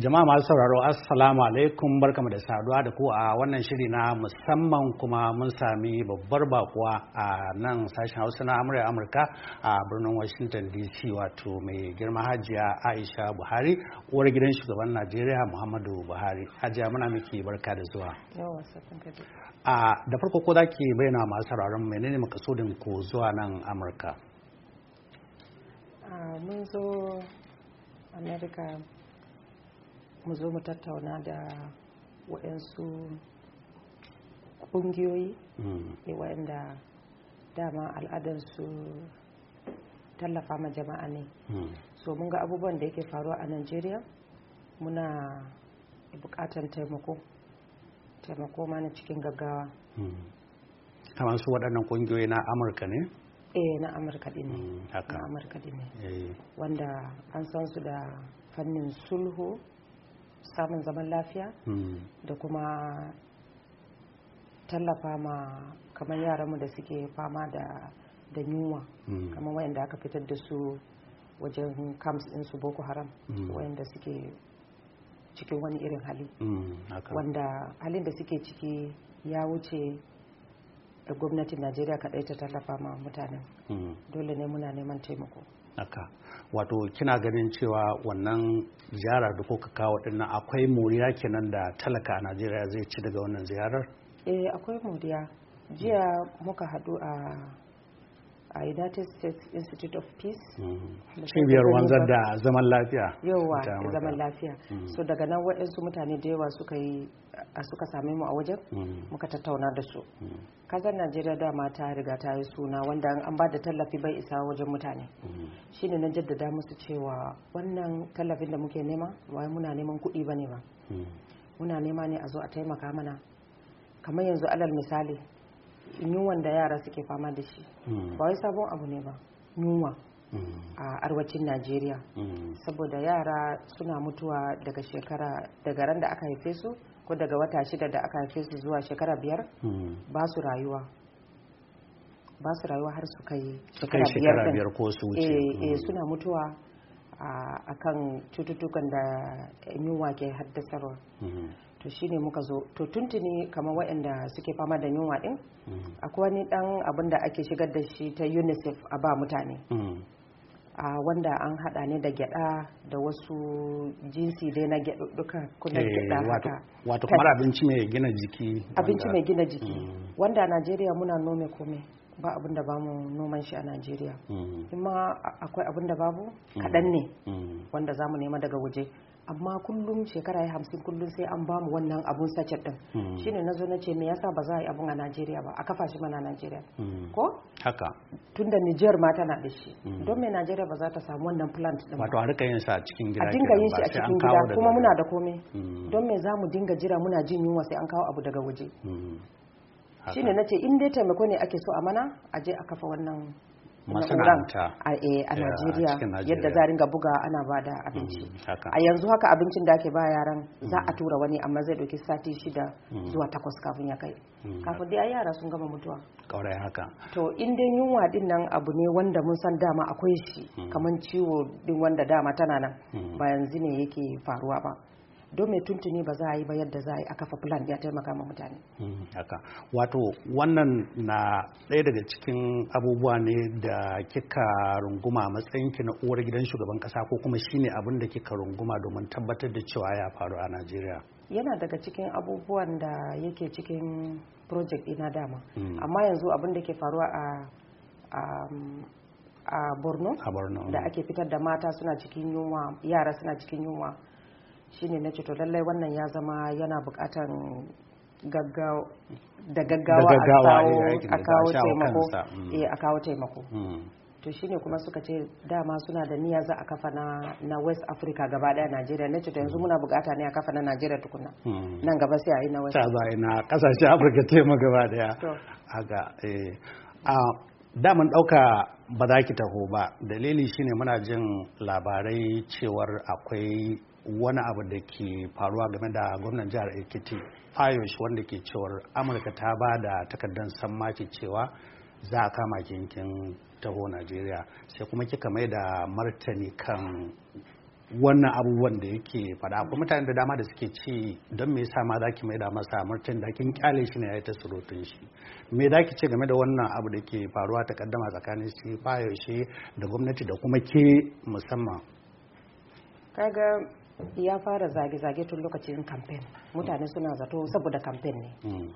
Jama'a masu sauraro Assalamu alaikum barkamu da saduwa da ku a wannan shiri na musamman kuma mun sami babbar bakuwa a nan sashen Hausa na Amurka Amurka a birnin Washington DC wato mai girma Hajiya Aisha Buhari uwar gidan shugaban Najeriya Muhammadu Buhari. Hajiya muna miki barka da zuwa. A da farko ko za zaki bayyana masu sauraron menene makasudin ku zuwa nan Amurka? Mun mu zo mu tattauna da waɗansu ƙungiyoyi mm. da waɗanda dama al'adarsu tallafa ma jama'a ne mm. so mun ga abubuwan da yake faruwa a najeriya muna buƙatar taimako taimako mana cikin gaggawa mm. kamar su waɗannan ƙungiyoyi na amurka ne eh na amurka din ne na amurka ne eh. wanda an san su da fannin sulhu samun zaman lafiya hmm. da kuma tallafa ma kamar yaranmu da suke fama da yunwa hmm. kamar wayanda aka fitar da su wajen camps din su boko haram hmm. wayanda suke cikin wani irin hali wanda halin da suke ciki ya wuce da gwamnatin najeriya kaɗai ta tallafa ma mutanen dole ne muna neman taimako haka wato kina ganin cewa wannan ziyarar da kuka kawo dinnan akwai moriya kenan da talaka a najeriya zai ci daga wannan ziyarar eh akwai moriya jiya muka haɗu a a united states institute of peace mm-hmm. cibiyar wanzar da zaman lafiya yawa zaman lafiya mm-hmm. so daga nan waɗansu mutane da yawa suka yi a suka same mu a wajen mm-hmm. muka tattauna da su kasar najeriya da mata riga ta yi suna wanda an ba da tallafi bai isa wajen mutane shine na jaddada musu cewa wannan tallafin da muke nema wai muna neman kuɗi ba ne ba muna nema ne a zo a taimaka mana kamar yanzu alal misali yunwan da yara suke fama da shi hmm. ba wai sabon abu ne ba yunwa hmm. a arwacin najeriya hmm. saboda yara suna mutuwa daga shekara daga ran da aka haife su ko daga wata shida da aka haife su zuwa shekara biyar ba su rayuwa ba su rayuwa har su kai shekara biyar ko su wuce eh, eh suna mutuwa a kan cututtukan da yunwa ke haddasarwa to shine muka zo to tuntuni kamar waɗanda suke fama da yunwa din mm. akwai wani dan abin da ake shigar da shi ta unicef a ba mutane mm. a wanda an hada ne da gyada da wasu jinsi dai na gyada duka kuma eh, gyada haka wato kamar abinci mai gina jiki abinci mai gina jiki mm. wanda a Najeriya muna nome kome ba abin da bamu noman shi a Najeriya kuma akwai abin da babu kaɗan ne wanda zamu nema daga waje amma kullum shekara ya hamsin kullum sai an bamu wannan abun sacet din hmm. shine nazo na ce me yasa ba za a yi abun a Najeriya ba a kafa shi mana Najeriya hmm. ko haka tunda Niger ma tana da shi hmm. don me Najeriya ba za ta samu wannan plant din wato a rika yin sa a cikin gida a dinga yin shi a cikin gida kuma muna da komai don me za mu dinga jira muna jin yunwa sai an kawo abu daga waje shine nace in dai taimako ne ake so a mana a je a kafa wannan masana'anta eh, a Najeriya yadda za ringa buga ana ba da abinci mm, a yanzu haka abincin da ake ba yaran za a mm. tura wani amma zai doki sati shida mm. zuwa takwas kafin ya kai kafin da yara sun gama mutuwa kaurai haka to in dai yunwa din nan abu ne wanda mun san dama akwai shi kamar ciwo din wanda dama tana nan ba yanzu ne yake faruwa ba don mai tuntuni ba za a yi ba yadda za a yi a kafa plan ya taimaka ma mutane mm, haka wato wannan na ɗaya daga cikin abubuwa ne da kika runguma a matsayinki na uwar gidan shugaban kasa ko kuma shine abin da kika runguma domin tabbatar da cewa ya faru a najeriya yana daga cikin abubuwan da yake cikin project ina dama mm. amma yanzu abin da ke faruwa a a borno mm. da ake fitar da mata suna cikin yunwa yara suna cikin yunwa shine na ce to lallai wannan ya zama yana bukatan da gaggawa a kawo taimako mm. eh, a kawo taimako mm. to shine kuma suka ce dama suna da niyya za a kafa na na West Africa gaba daya Najeriya na ce yanzu mm. muna bukata ne a kafa na Najeriya tukuna nan gaba sai a yi na West ta za a na kasashe Afirka ta gaba daya aga eh a daman dauka ba za ki taho ba dalili shine muna jin labarai cewar akwai wani abu da ke faruwa game da gwamnan jihar ekiti fayosh wanda ke cewar amurka ta ba da takardar sammaki cewa za a kama kinkin taho najeriya sai kuma kika mai da martani kan wannan abubuwan da yake faɗa akwai mutane da dama da suke ci don me yasa ma za ki maida masa martin da kin kyale shi ne ya yi ta surutun shi me za ki ce game da wannan abu da ke faruwa ta kaddama tsakanin shi fayaushe da gwamnati da kuma ke musamman kaga ya fara zage-zage tun lokacin kamfen mutane suna zato saboda kamfen ne mm.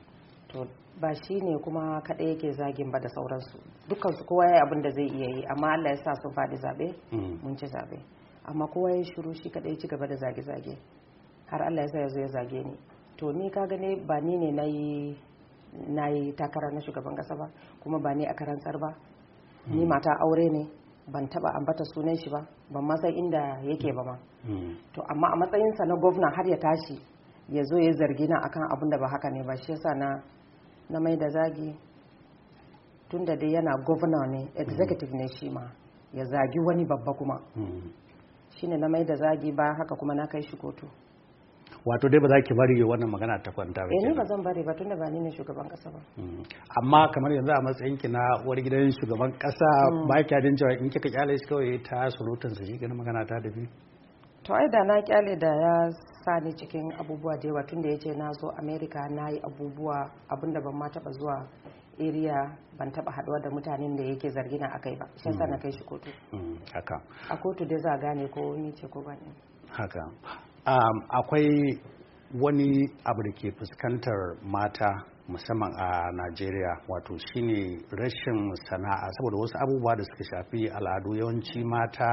to ba shi ne kuma kaɗai yake zagin ba da sauransu dukansu kowa ya yi abin da zai iya yi amma allah ya sa sun faɗi zabe mm. mun ci zaɓe amma kowa ya shiru shi kaɗai ci gaba da zage-zage har allah ya sa ya zo ya zage ni to ni ka gane ba ni ne na yi takara na shugaban kasa ba kuma ba ni a karantar ba ni mm. mata aure ne ban taba ambata sunan shi ba ban ma san inda yake ba ma hmm. to amma a matsayin sa na gwamna har ya tashi ya zo ya zargi na akan abin da ba haka ne ba shi yasa na na mai da zagi tunda dai yana gwamna ne executive ne shi ma ya zagi wani babba kuma hmm. shine na mai da zagi ba haka kuma na kai shi kotu wato dai ba za ki bari wannan magana ta kwanta ba eh, ni ba zan bari ba tunda ba ni ne shugaban kasa ba mm. amma kamar yanzu a matsayin ki na wani gidan shugaban kasa mm. ba ki jin cewa in kika kyale shi kawai ta surutun su shi ganin magana ta dafi. to ai da na kyale da ya sani cikin abubuwa da yawa tunda yace na zo America na yi abubuwa abinda ban ma taba zuwa area ban taba haduwa da mutanen da yake zargi na akai ba shi yasa na mm. kai shi kotu haka a kotu dai za gane ko ni ce ko ba ni haka um, akwai wani abu da ke fuskantar mata musamman a najeriya wato shine rashin sana'a saboda wasu abubuwa da suka shafi al'adu yawanci mata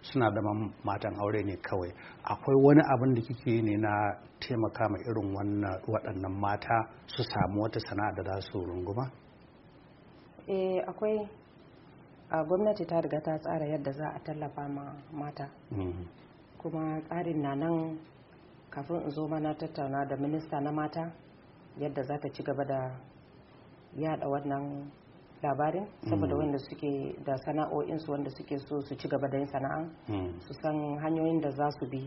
suna zama matan aure ne kawai akwai wani abin da kike ne na taimaka ma irin waɗannan mata su samu wata sana'a da za su runguma eh akwai gwamnati ta riga ta tsara yadda za a tallafa ma mata mm-hmm. kuma tsarin na nan kafin in zo mana tattauna da minista na mata yadda za ta ci gaba da yada wannan labarin saboda hmm. wanda suke da sana'o'insu wanda suke so su ci gaba da yin sana'a hmm. su san hanyoyin da za su bi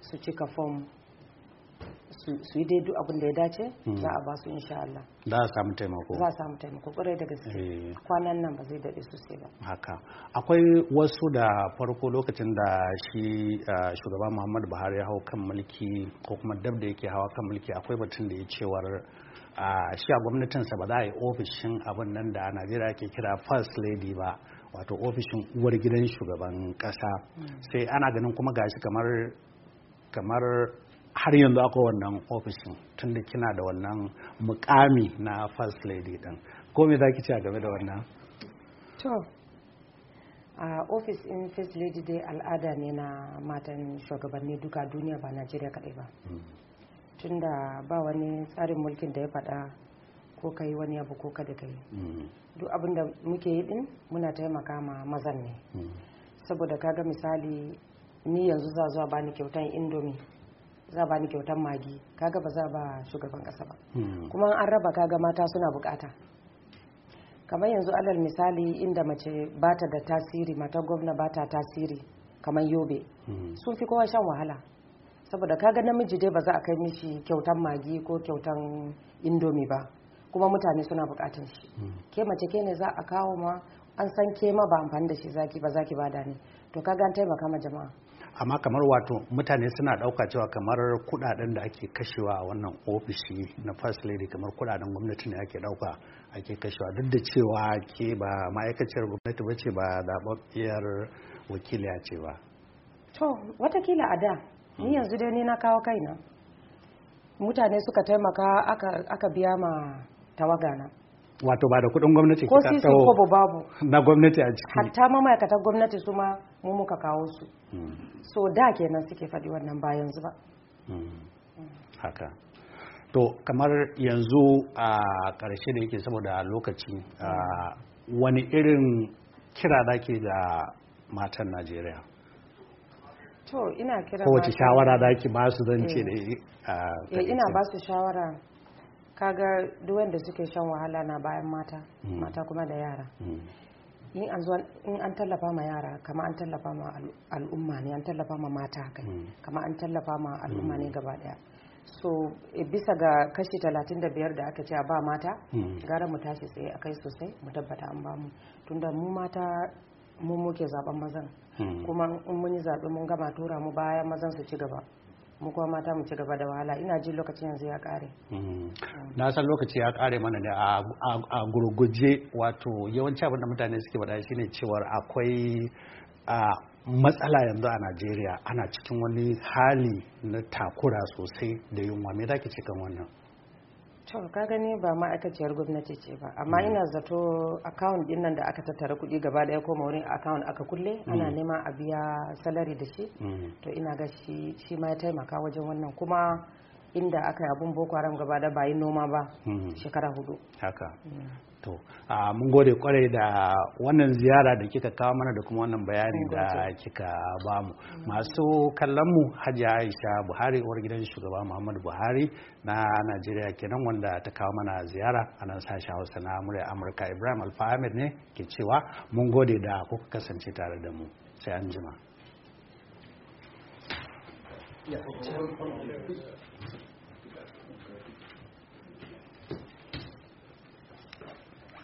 su cika fom su yi daidu abin da ya dace hmm. za a ba su insha Allah za a samu taimako za a samu taimako kwarai da gaske eh. kwanan nan ba zai daɗe sosai ba haka akwai wasu da farko lokacin da shi shugaban Muhammadu Buhari ya hau kan mulki ko kuma dab da yake hawa kan mulki akwai batun da ya cewar a shi a gwamnatinsa ba za a yi ofishin abin nan da najeriya ke kira first lady ba wato ofishin uwar gidan shugaban kasa hmm. sai ana ganin kuma gashi kamar kamar har yanzu akwai wannan ofishin tunda kina da wannan mukami na first lady din ko me zaki ci a game da wannan to a ofis in first lady dai al'ada ne na matan shugabanni duka duniya ba najeriya kaɗai ba hmm. tunda ba wani tsarin mulkin da ya faɗa ko ka yi wani abu ko kai ka yi hmm. duk abin da muke yi din muna taimaka ma mazan ne hmm. saboda kaga misali ni yanzu za zuwa bani kyautan indomi za a bani kyautar magi kaga ba za ba shugaban kasa ba hmm. kuma an raba kaga mata suna bukata kamar yanzu alal misali inda mace bata da tasiri mata gwamna bata tasiri kamar yobe hmm. sun fi kowa shan wahala saboda kaga namiji dai ba za a kai mishi kyautar magi ko kyautan indomi ba kuma mutane suna bukatun shi hmm. ke mace ke ne za a kawo ma an san ke ma ba amfani da shi zaki ba zaki bada ne to kaga an taimaka ma jama'a amma kamar wato mutane suna ɗauka cewa kamar kuɗaɗen da ake kashewa a wannan ofishi na first lady kamar kuɗaɗen gwamnati ne ake ɗauka ake kashewa duk da cewa ke ba ma'aikaciyar gwamnati ba ce ba zaɓaɓɓiyar wakiliya ce ba to watakila a da ni hmm. yanzu dai ni na kawo kaina mutane suka taimaka aka biya ma tawagana wato ba da kuɗin gwamnati ko sisi ko babu na gwamnati a ciki hatta ma ma'aikatan gwamnati su ma mu muka kawo su hmm. so da kenan suke faɗi wannan ba yanzu ba hmm. haka to kamar yanzu a ƙarshe da yake saboda lokaci wani irin kira da ke da matan najeriya to ina kira kowace shawara da ke ba su zan ce eh. da eh, ina ba su shawara kaga duk wanda suke shan wahala na bayan mata mm. mata kuma da yara mm. in an tallafa ma yara kama an tallafa ma al'umma ne an tallafa ma mata kai mm. kama an tallafa ma al'umma ne gaba daya so e, bisa ga kashi 35 da aka ce a ba mata gara mu tashi tsaye a kai sosai mu tabbata an bamu tunda mu mata mu muke zaben mazan kuma in mun yi zaɓe mun gama tura mu baya mazan su ci gaba mu kuma mata mu ci gaba da wahala ina jin lokaci yanzu ya kare mm. mm. na san lokaci ya kare mana ne a gurguje wato yawanci abin da mutane suke faɗa shine cewar akwai matsala yanzu a Najeriya ana cikin wani hali na takura sosai da yunwa me zaki cikin wannan to ka gani ba ma'aikaciyar gwamnati ce ba amma mm. ina zato account din da aka tattara kuɗi gaba daya ko wurin account aka kulle mm. ana nema a biya salari da shi mm. to ina ga shi shi ma ya taimaka wajen wannan kuma inda aka yi abun boko haram gaba da yi noma ba shekara hudu haka to mun gode kwarai da wannan ziyara da kika kawo mana da kuma wannan bayani da kika ba mu mm. masu kallon mu hajji aisha buhari uwar gidan shugaba muhammadu buhari na najeriya kenan wanda ta kawo mana ziyara a nan sashen hausa na murya amurka ibrahim alfa ne ke cewa mun gode da kuka kasance tare da mu sai anjima. jima